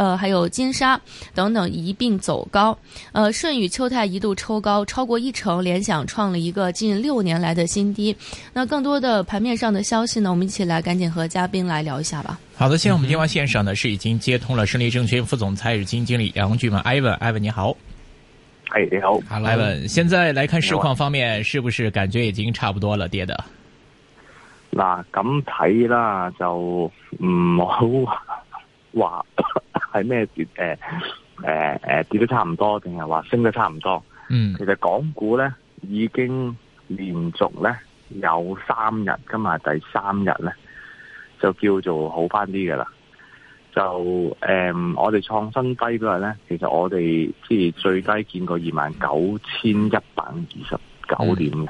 呃，還有金沙等等一併走高，呃，舜宇、秋泰一度抽高超過一成，聯想創了一個近六年來的新低。那更多的盤面上的消息呢？我們一起來趕緊和嘉賓來聊一下吧。好的，現在我們電話線上呢是已經接通了，勝利證券副總裁與基金經理楊俊文，Ivan，Ivan 你好。哎，hey, 你好。Hello，Ivan。現在來看市況方面，是不是感覺已經差不多了？跌、oh. 的。嗱，咁睇啦，就唔好話係咩跌？誒誒誒跌得差唔多，定係話升得差唔多？嗯，其實港股咧已經連續咧有三日，今日第三日咧就叫做好翻啲嘅啦。就誒、呃，我哋創新低嗰日咧，其實我哋即係最低見過二萬九千一百二十九點嘅。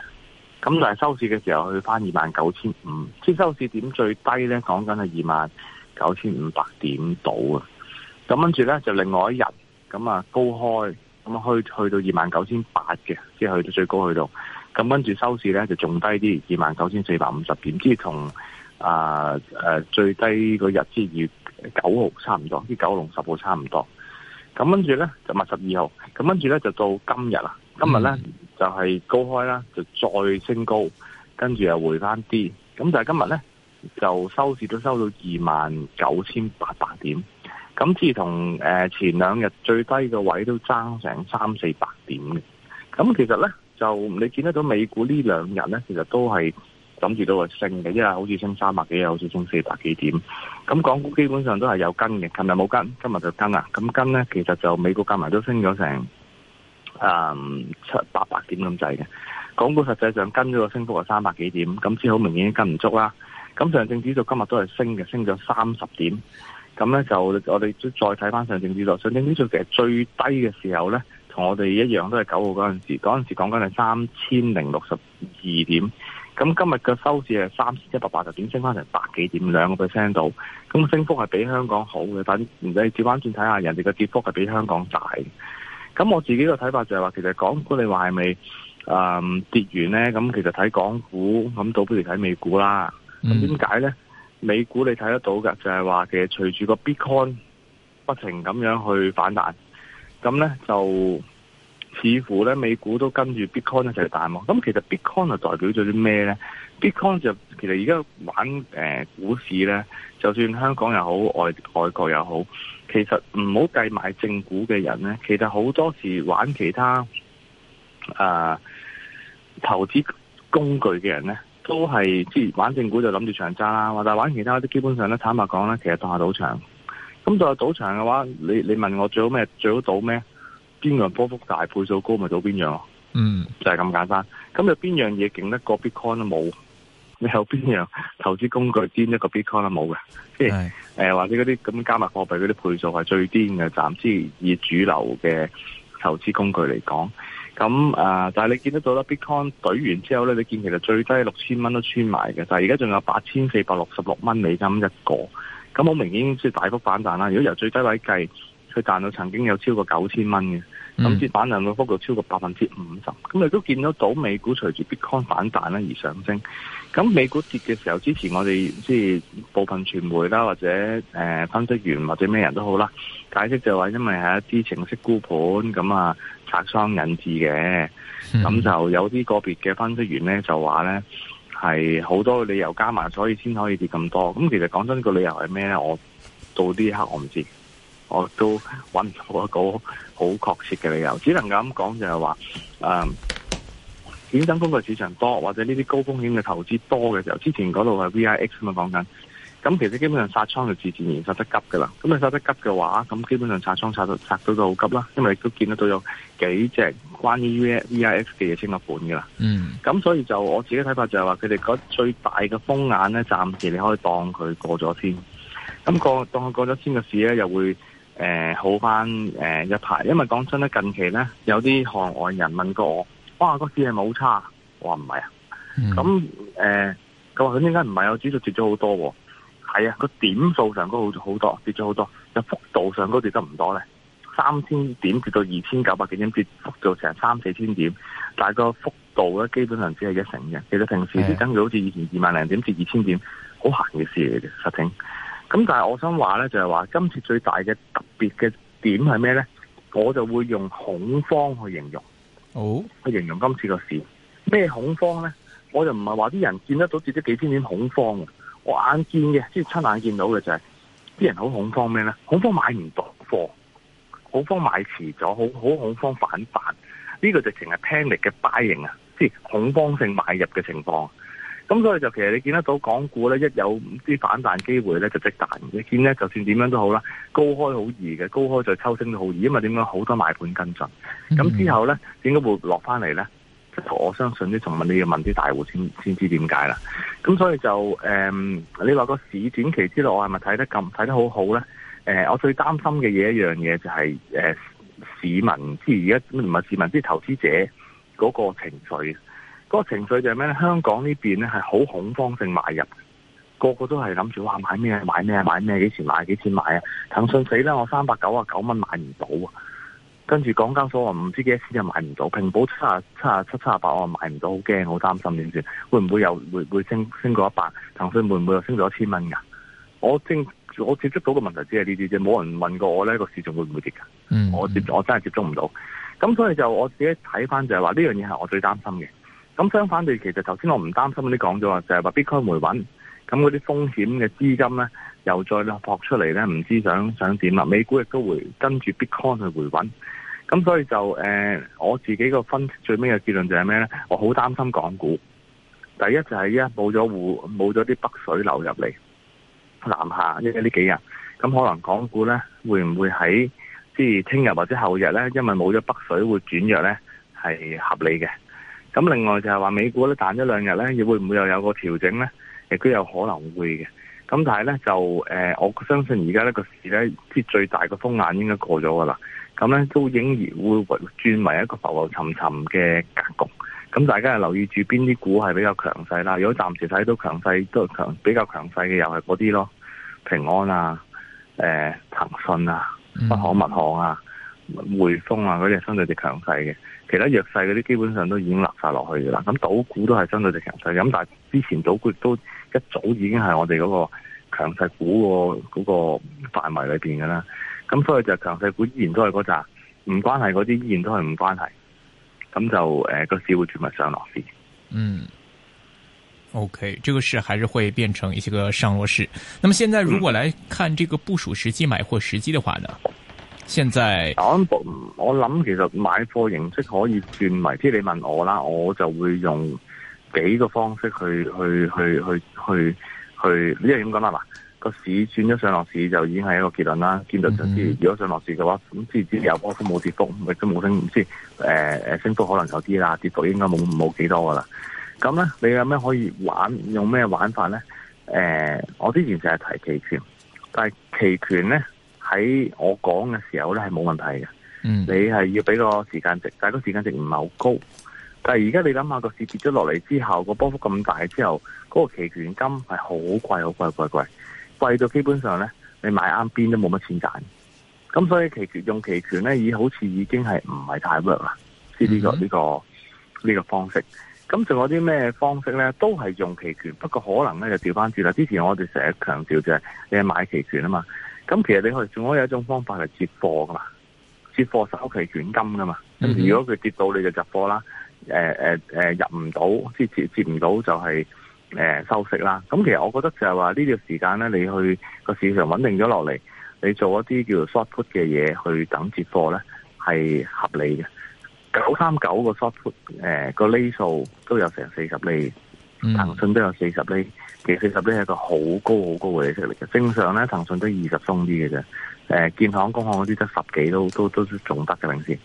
咁、嗯、但係收市嘅時候去翻二萬九千五，即收市點最低咧講緊係二萬九千五百點到啊！咁跟住咧就另外一日，咁啊高開，咁啊去去到二萬九千八嘅，即係去到最高去到。咁跟住收市咧就仲低啲，二萬九千四百五十點，即係同啊最低嗰日之二月九號差唔多，啲九龍十號差唔多。咁跟住咧就密十二號，咁跟住咧就到今日啦，今日咧、嗯、就係高開啦，就再升高，跟住又回翻啲。咁就係今日咧就收市都收到二萬九千八百點。咁至同前兩日最低個位都爭成三四百點嘅，咁其實咧就你見得到美股呢兩日咧，其實都係諗住都係升嘅，因為好似升三百幾，又好似升四百幾點。咁港股基本上都係有跟嘅，尋日冇跟，今日就跟啦。咁跟咧，其實就美股加埋都升咗成誒七八百點咁滯嘅。港股實際上跟咗個升幅係三百幾點，咁至好明顯跟唔足啦。咁上證指數今日都係升嘅，升咗三十點。咁咧就我哋都再睇翻上證指數，上證指數其實最低嘅時候咧，同我哋一樣都係九號嗰陣時，嗰陣時講緊係三千零六十二點。咁今日嘅收市係三千一百八十點，升翻成百幾點，兩個 percent 度。咁升幅係比香港好嘅，反而唔使調翻轉睇下，人哋嘅跌幅係比香港大。咁我自己嘅睇法就係話，其實港股你話係咪誒跌完咧？咁其實睇港股，咁倒不如睇美股啦。咁點解咧？美股你睇得到㗎，就係、是、話其實隨住個 Bitcoin 不停咁樣去反彈，咁咧就似乎咧美股都跟住 Bitcoin 一齊大嘛。咁其實 Bitcoin 就代表咗啲咩咧？Bitcoin 就其實而家玩誒、呃、股市咧，就算香港又好，外外國又好，其實唔好計埋正股嘅人咧，其實好多時玩其他誒、呃、投資工具嘅人咧。都係，即玩正股就諗住長揸啦，或者玩其他啲，基本上咧坦白講呢，其實當下賭場。咁就係賭場嘅話，你你問我最好咩？最好賭咩？邊樣波幅大，倍數高，咪賭邊樣咯？嗯，就係咁簡單。咁有邊樣嘢勁得過 Bitcoin 都冇？你有邊樣投資工具癲得過 Bitcoin 都冇嘅？即係誒， 或者嗰啲咁加密貨幣嗰啲倍數係最癲嘅。暫時以主流嘅投資工具嚟講。咁誒、嗯，但係你見得到啦 Bitcoin 舉完之後咧，你見其實最低六千蚊都穿埋嘅，但係而家仲有八千四百六十六蚊美金一個，咁好明顯即大幅反彈啦。如果由最低位計，佢彈到曾經有超過九千蚊嘅。咁接反量嘅幅度超過百分之五十，咁亦都見到到美股隨住 Bitcoin 反彈咧而上升。咁美股跌嘅時候，之前我哋即係部分傳媒啦，或者誒分析員或者咩人都好啦，解釋就話因為係一啲情式沽盤，咁啊拆傷引致嘅。咁、嗯、就有啲個別嘅分析員咧就話咧係好多理由加埋，所以先可以跌咁多。咁其實講真個理由係咩咧？我到呢一刻我唔知。我都揾唔到一個好確切嘅理由，只能咁講就係話，誒衍生工具市場多，或者呢啲高風險嘅投資多嘅時候，之前嗰度係 VIX 咪講緊，咁其實基本上殺倉就自自然然殺得急噶啦，咁你殺得急嘅話，咁基本上殺倉殺到殺到都好急啦，因為都見得到有幾隻關於 VIX 嘅嘢清倉盤噶啦，嗯，咁所以就我自己睇法就係話，佢哋嗰最大嘅風眼咧，暫時你可以當佢過咗先，咁過當佢過咗先嘅事咧，又會。誒、呃，好翻誒、呃、一排，因為講真咧，近期咧有啲行外人問過我，哇，個市係冇差？我話唔係啊，咁誒、嗯，佢話佢點解唔係？我、呃、指數跌咗好多，係啊，個、啊、點數上高好好多，跌咗好多，幅多 3, 2, 多 3, 4, 個幅度上高跌得唔多咧，三千點跌到二千九百幾點，跌幅度成三四千點，但係個幅度咧基本上只係一成嘅，其實平時你等於好似以前二萬零點至二千點，好閒嘅事嚟、啊、嘅，實情。咁但係我想話咧，就係話今次最大嘅特別嘅點係咩咧？我就會用恐慌去形容，哦，去形容今次個事咩恐慌咧？我就唔係話啲人見得到自己幾千年恐慌。我眼見嘅，即係親眼見到嘅就係，啲人好恐慌咩咧？恐慌買唔到貨，恐慌買遲咗，好好恐慌反彈呢個就成日聽力嘅 buying 啊，即係恐慌性買入嘅情況。咁所以就其實你見得到港股咧，一有啲反彈機會咧，就即彈。你見咧，就算點樣都好啦，高開好易嘅，高開再抽升都好易，因為點樣好多買盤跟進。咁、嗯、之後咧，點解會落翻嚟咧？我相信啲仲問你要問啲大戶先先知點解啦。咁所以就誒、嗯，你話個市短期之內我是是，我係咪睇得咁睇得好好咧？誒、呃，我最擔心嘅嘢一樣嘢就係、是呃、市民，即係而家唔係市民，即係投資者嗰個情緒。個情緒就係咩咧？香港呢邊咧係好恐慌性買入，個個都係諗住哇，買咩啊？買咩啊？買咩？幾錢買？幾錢買啊？騰訊死啦！我三百九啊九蚊買唔到啊！跟住港交所話唔知幾多錢就買唔到，平保七啊七啊七七啊八我買唔到，好驚好擔心點算？會唔會有會會升升過一百？騰訊會唔會又升咗一千蚊噶？我接我接觸到個問題只係呢啲啫，冇人問過我咧、個市仲會唔會跌噶？嗯嗯。我接我真係接觸唔到。咁所以就我自己睇翻就係話呢樣嘢係我最擔心嘅。咁相反地，其實頭先我唔擔心啲講咗話，就係、是、話 Bitcoin 回穩，咁嗰啲風險嘅資金咧，又再撲出嚟咧，唔知想想點啦？美股亦都會跟住 Bitcoin 去回穩，咁所以就誒、呃，我自己個分析最尾嘅結論就係咩咧？我好擔心港股，第一就係、是、依家冇咗戶冇咗啲北水流入嚟南下，依家呢幾日，咁可能港股咧會唔會喺即係聽日或者後日咧，因為冇咗北水會轉弱咧，係合理嘅。咁另外就係話美股咧彈一兩日咧，會唔會又有個調整咧？亦都有可能會嘅。咁但係咧就誒、呃，我相信而家呢個市咧即係最大嘅風眼應該過咗㗎啦。咁咧都仍然會轉為一個浮浮沉沉嘅格局。咁、嗯、大家係留意住邊啲股係比較強勢啦。如果暫時睇到強勢都強比較強勢嘅又係嗰啲咯，平安啊，誒騰訊啊，不可、嗯、物行啊。匯豐啊，嗰啲係相對就強勢嘅，其他弱勢嗰啲基本上都已經冧晒落去噶啦。咁賭股都係相對就強勢嘅，咁但係之前賭股都一早已經係我哋嗰個強勢股個嗰個範圍裏邊噶啦。咁所以就強勢股依然都係嗰扎，唔關係嗰啲依然都係唔關係。咁就誒、呃，那個市會轉為上落市。嗯，OK，這個市還是會變成一個上落市。那麼現在如果來看這個部署時機、買貨時機的話呢？現在我想我諗其實買貨形式可以轉埋，即係你問我啦，我就會用幾個方式去去去去去去，呢樣點講啦嗱，個市轉咗上落市就已經係一個結論啦。見到就知，是，如果上落市嘅話，咁即係只有波幅冇跌幅，咁亦都冇升唔知誒誒、呃、升幅可能有啲啦，跌幅應該冇冇幾多噶啦。咁咧你有咩可以玩，用咩玩法咧？誒、呃，我之前成日提期權，但係期權咧。喺我講嘅時候咧，係冇問題嘅。嗯、你係要俾個時間值，但係個時間值唔係好高。但係而家你諗下個市跌咗落嚟之後，個波幅咁大之後，嗰、嗰個期權金係好貴、好貴、貴、貴貴貴到基本上咧，你買啱邊都冇乜錢賺。咁所以期權用期權咧，已好似已經係唔係太 work 啦？呢、就、啲、是這個呢個呢個方式。咁仲有啲咩方式咧？都係用期權，不過可能咧就調翻轉啦。之前我哋成日強調就係、是、你係買期權啊嘛。咁其實你可以仲可以有一種方法嚟接貨噶嘛，接貨首期卷金噶嘛，跟住、mm hmm. 如果佢跌到你就入貨啦、呃呃，入唔到即接接唔到就係、是呃、收息啦。咁、嗯、其實我覺得就係話呢段時間咧，你去個市場穩定咗落嚟，你做一啲叫做 short put 嘅嘢去等接貨咧係合理嘅。九三九個 short put 誒個厘數都有成四十厘。騰訊都有四十厘，其實四十厘係一個好高、好高嘅利息嚟嘅。正常咧，騰訊都二十鬆啲嘅啫。誒，建行、工行嗰啲得十幾都都都仲得嘅領先。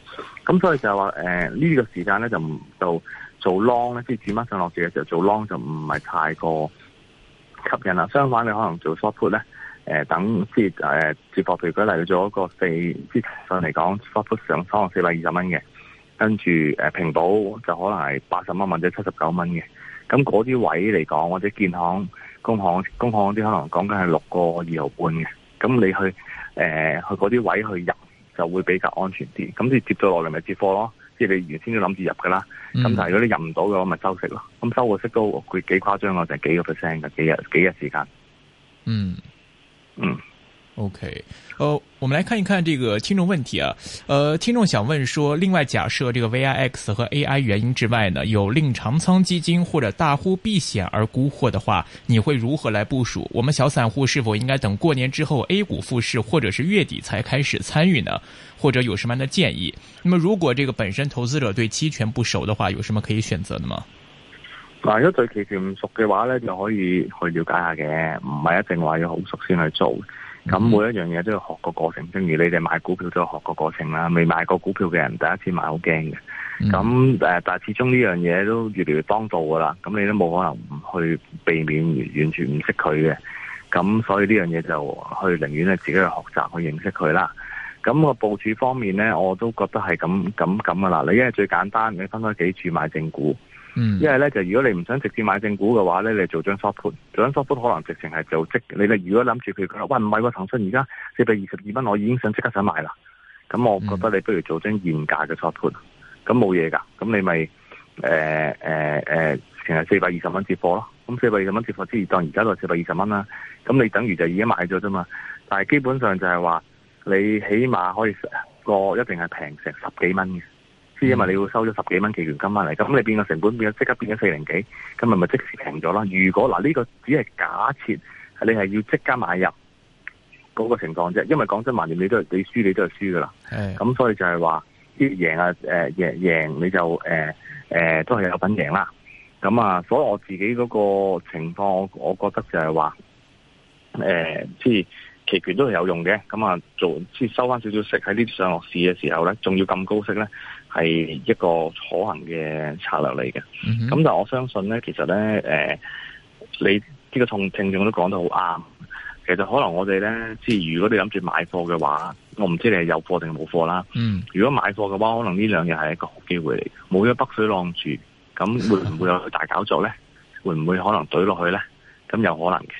咁所以就係話，誒、呃、呢、呢個時間咧就唔就做 long 咧，即係轉翻上落市嘅時候做 long 就唔係太過吸引啦。相反，你可能做 short put 咧，誒、呃、等即係誒接駁譬如嚟做一個四即係上嚟講，short put 上三萬四百二十蚊嘅，跟住誒平保就可能係八十蚊或者七十九蚊嘅。咁嗰啲位嚟講，或者建行、工行、工行嗰啲可能講緊係六個二毫半嘅。咁你去誒、呃、去嗰啲位去入，就會比較安全啲。咁你接咗落嚟咪接貨咯。即係你原先都諗住入噶啦。咁、嗯、但係如果你入唔到嘅話，咪收息咯。咁收個息都佢幾誇張嘅，就係、是、幾個 percent 嘅幾日幾日時間。嗯嗯。嗯 OK，呃，我們來看一看這個聽眾問題啊。呃，聽眾想問說，另外假設這個 VIX 和 AI 原因之外呢，有令長倉基金或者大戶避險而沽貨的話，你會如何來部署？我們小散戶是否應該等過年之後 A 股復市或者是月底才開始參與呢？或者有什麼樣的建議？那麼如果這個本身投資者對期權不熟的話，有什麼可以選擇的嗎？啊，如果對期權唔熟嘅話呢，就可以去了解下嘅，唔係一定話要好熟先去做。咁、嗯、每一樣嘢都要學個過，過程，正如你哋買股票都有學個過，過程啦。未買過股票嘅人，第一次買好驚嘅。咁誒、嗯，但係始終呢樣嘢都越嚟越當道噶啦。咁你都冇可能唔去避免，完全唔識佢嘅。咁所以呢樣嘢就去寧願你自己去學習，去認識佢啦。咁、那個部署方面咧，我都覺得係咁咁咁噶啦。你因為最簡單，你分開幾處買正股。因為呢，咧就、嗯、如果你唔想直接買正股嘅話咧，你做張 short 盤，做張 short 盤可能直情係做即，你例如果諗住佢講，喂唔係喎騰訊而家四百二十二蚊，啊、我已經想即刻想買啦，咁我覺得你不如做張現價嘅 short 盤，咁冇嘢噶咁你咪誒誒誒，成日四百二十蚊接貨咯，咁四百二十蚊接貨之餘當而家都係四百二十蚊啦，咁你等於就已經買咗啫嘛，但係基本上就係話你起碼可以個一定係平成十幾蚊嘅。因為你要收咗十幾蚊期權金翻嚟，咁你變個成本變咗，即刻變咗四零幾，咁咪咪即時平咗啦。如果嗱呢、呢個只係假設，你係要即刻買入嗰個情況啫。因為講真話，你都係你，輸你都你輸你都係輸噶啦。咁的所以就係話，啲贏啊誒贏贏你就誒誒、呃呃、都係有品贏啦。咁啊，所以我自己嗰個情況，我我覺得就係話，誒、呃，即係期權都係有用嘅。咁啊，做即係收翻少少息喺呢啲上落市嘅時候咧，仲要咁高息咧。係一個可行嘅策略嚟嘅，咁、mm hmm. 但係我相信咧，其實咧，誒、呃，你呢個同聽眾都講得好啱。其實可能我哋咧，即係如果你諗住買貨嘅話，我唔知你係有貨定冇貨啦。嗯、mm，hmm. 如果買貨嘅話，可能呢兩日係一個好機會嚟。冇咗北水浪住，咁會唔會有去大搞作咧？Mm hmm. 會唔會可能對落去咧？咁有可能嘅。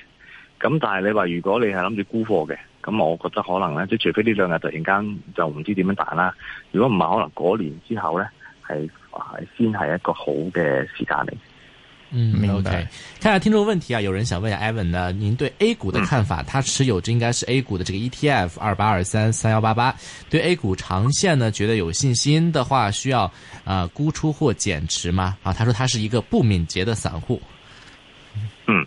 咁但係你話，如果你係諗住沽貨嘅？咁我覺得可能呢，即除非呢兩日突然間就唔知點樣彈啦。如果唔係，可能嗰年之後呢，係先係一個好嘅時間嚟。嗯，OK 睇下聽眾問題啊，有人想問下 Evan 呢，您對 A 股的看法？他、嗯、持有，就應該是 A 股的這個 ETF 二八二三三幺八八。對 A 股長線呢，覺得有信心的話，需要啊、呃、沽出或減持嗎？啊，他說他是一個不敏捷的散戶。嗯。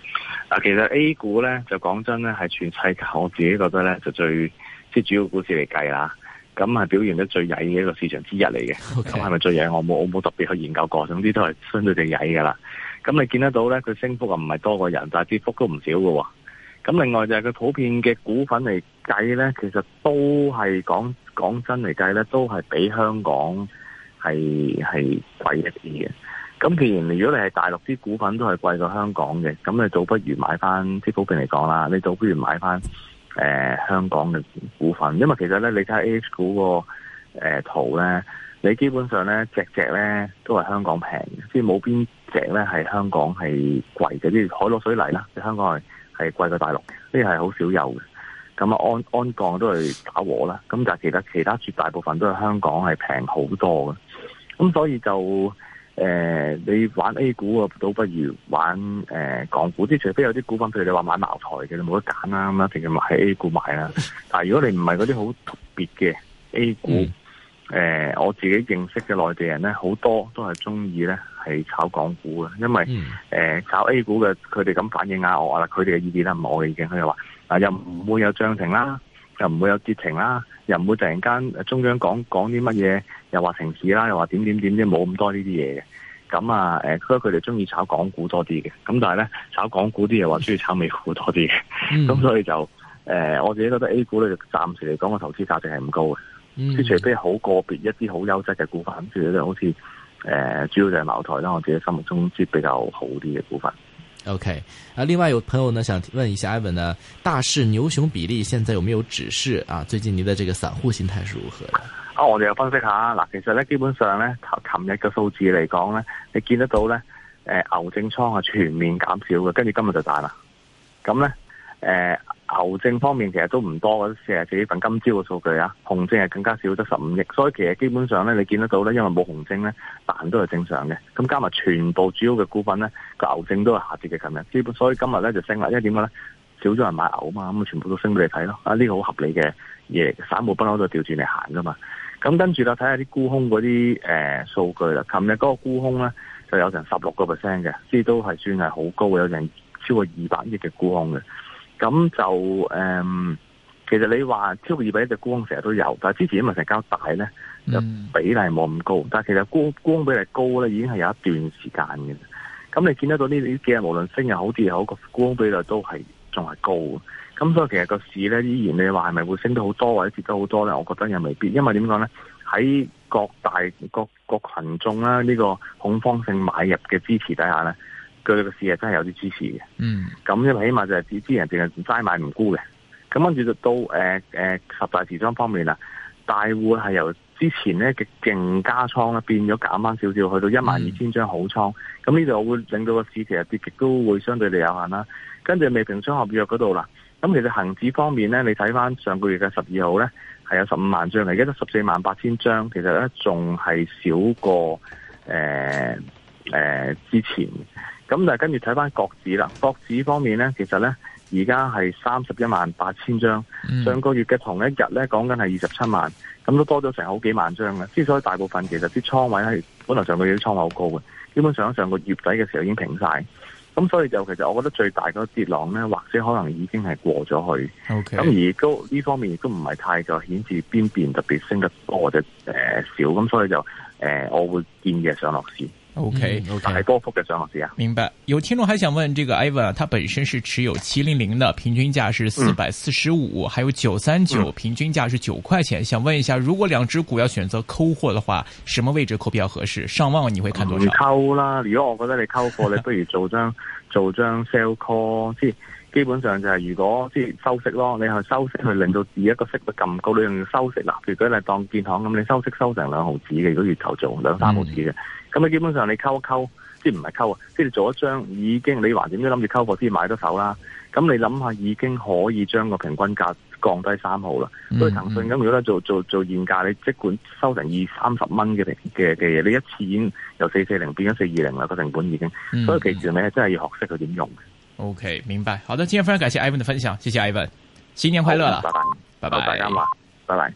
其實 A 股咧，就講真咧，係全世界我自己覺得咧，就最即係主要股市嚟計啦，咁係表現得最曳嘅一個市場之一嚟嘅。咁係咪最曳？我冇我冇特別去研究過，總之都係相對地曳噶啦。咁你見得到咧，佢升幅啊唔係多過人，但係跌幅都唔少噶咁另外就係、是、佢普遍嘅股份嚟計咧，其實都係講講真嚟計咧，都係比香港係係貴一啲嘅。咁既然如果你係大陸啲股份都係貴過香港嘅，咁你倒不如買翻，啲股評嚟講啦，你倒不如買翻、呃、香港嘅股份，因為其實咧，你睇下 A、AH、股個圖咧，你基本上咧隻隻咧都係香港平，即係冇邊隻咧係香港係貴嘅，啲海螺水泥啦，喺香港係係貴過大陸，呢啲係好少有嘅。咁啊，安安鋼都係打和啦，咁但係其實其他絕大部分都係香港係平好多嘅，咁所以就。誒、呃，你玩 A 股啊，倒不如玩誒、呃、港股，即除非有啲股份，譬如說你話買茅台嘅，你冇得揀啦，咁啊，淨係喺 A 股買啦。但係如果你唔係嗰啲好特別嘅 A 股，誒、嗯呃，我自己認識嘅內地人咧，好多都係中意咧係炒港股嘅，因為誒、嗯呃、炒 A 股嘅，佢哋咁反映下我啦，佢哋嘅意見唔係我嘅意見，佢哋話啊又唔會有漲停啦，又唔會有跌停啦，又唔會突然間中央講講啲乜嘢。又話停市啦，又話點點點，即冇咁多呢啲嘢嘅。咁啊，誒、呃，所以佢哋中意炒港股多啲嘅。咁但係咧，炒港股啲又話中意炒美股多啲嘅。咁、 嗯、所以就誒、呃，我自己覺得 A 股咧就暫時嚟講個投資價值係唔高嘅。即係、嗯、除非好個別一啲好優質嘅股份，咁所以咧好似誒、呃，主要就係茅台啦，我自己心目中即比較好啲嘅股份。OK，啊，另外有朋友呢想問一下，Evan 呢，大市牛熊比例現在有沒有指示啊？最近你的這個散戶心態是如何的？啊、哦，我哋又分析一下，嗱，其實呢基本上咧，琴日嘅數字嚟講呢，你見得到呢誒、呃，牛證倉係全面減少嘅，跟住今日就大啦，咁呢誒、呃，牛證方面其實都唔多，四十幾份今朝嘅數據啊，熊證係更加少，得十五億，所以其實基本上咧，你見得到咧，因為冇熊證咧，行都係正常嘅。咁加埋全部主要嘅股份咧，個牛證都係下跌嘅。琴日基本，所以今日咧就升啦，因為點解咧？少咗人買牛啊嘛，咁啊，全部都升俾你睇咯。啊，呢個好合理嘅嘢，散戶不嬲都調轉嚟行噶嘛。咁跟住就睇下啲沽空嗰啲誒數據啦。琴日嗰個沽空咧就有成十六個 percent 嘅，呢都係算係好高，有成超過二百億嘅沽空嘅。咁就誒、嗯，其實你話超二百隻沽空成日都有，但係之前因為成交大咧，就、嗯、比例冇咁高。但其實沽空比例高咧，已經係有一段時間嘅。咁你見得到呢幾日無論升又好跌又好，個沽空比率都係仲係高。咁所以其實個市咧，依然你話係咪會升得好多或者跌得好多咧？我覺得又未必，因為點講咧？喺各大各各，各群眾啦，呢、呢個恐慌性買入嘅支持底下咧。對個市係，真係有啲支持嘅。嗯，咁呢，起碼就係之前人哋係齋買唔沽嘅。咁跟住就到誒誒十大持倉方面啦，大戶係由之前咧極勁加倉咧，變咗減翻少少，去到一萬二千張好倉。咁呢度會令到個市其實跌極都會相對地有限啦。跟住未平倉合約嗰度啦，咁其實恒指方面咧，你睇翻上個月嘅十二號咧，係有十五萬張嚟嘅，得十四萬八千張，其實咧仲係少過誒誒、呃呃、之前。咁就跟住睇翻國指啦，國指方面咧，其實咧而家係三十一萬八千張，上個月嘅同一日咧，講緊係二十七萬，咁都多咗成好幾萬張嘅。之所以大部分其實啲倉位咧，係本來上個月啲倉位好高嘅，基本上上個月底嘅時候已經平晒。咁所以就其實我覺得最大嗰個跌浪咧，或者可能已經係過咗去。咁 Okay. 而都呢方面亦都唔係太過顯示邊邊特別升得多或者誒少，咁、呃、所以就誒、呃、我會建議係上落市。O K，大波幅嘅上落市啊！明白。有聽眾還想問，這個 Ivan，佢本身是持有七零零的，平均價是四百四十五，還有九三九，平均價是九塊錢。想問一下，如果兩隻股要選擇溝貨的話，什麼位置溝比較合適？上望你會看多少？唔溝啦，如果我覺得你溝貨，你不如做張 做張 sell call，即係基本上就係如果即係、就是、收息咯，你去收息、嗯、去令到自己一個息率咁高，你用收息啦。如果你當建行咁，那你收息收成兩毫子嘅，如果月頭做兩三毫子嘅。嗯咁你基本上你溝一溝，即係唔係溝啊，即係你做一張已經，你話點都諗住溝貨先買得手啦。咁你諗下，已經可以將個平均價降低三毫啦。所以騰訊咁如果咧做做做現價，你即管收成二三十蚊嘅平嘅嘅嘢，你一次已經由四四零變咗四二零啦，個成本已經。嗯、所以其實咧，真係要學識佢點用。OK，明白。好的，今日非常感謝 Ivan 嘅分享，謝謝 Ivan，新年快樂啦！拜拜，拜拜，拜拜。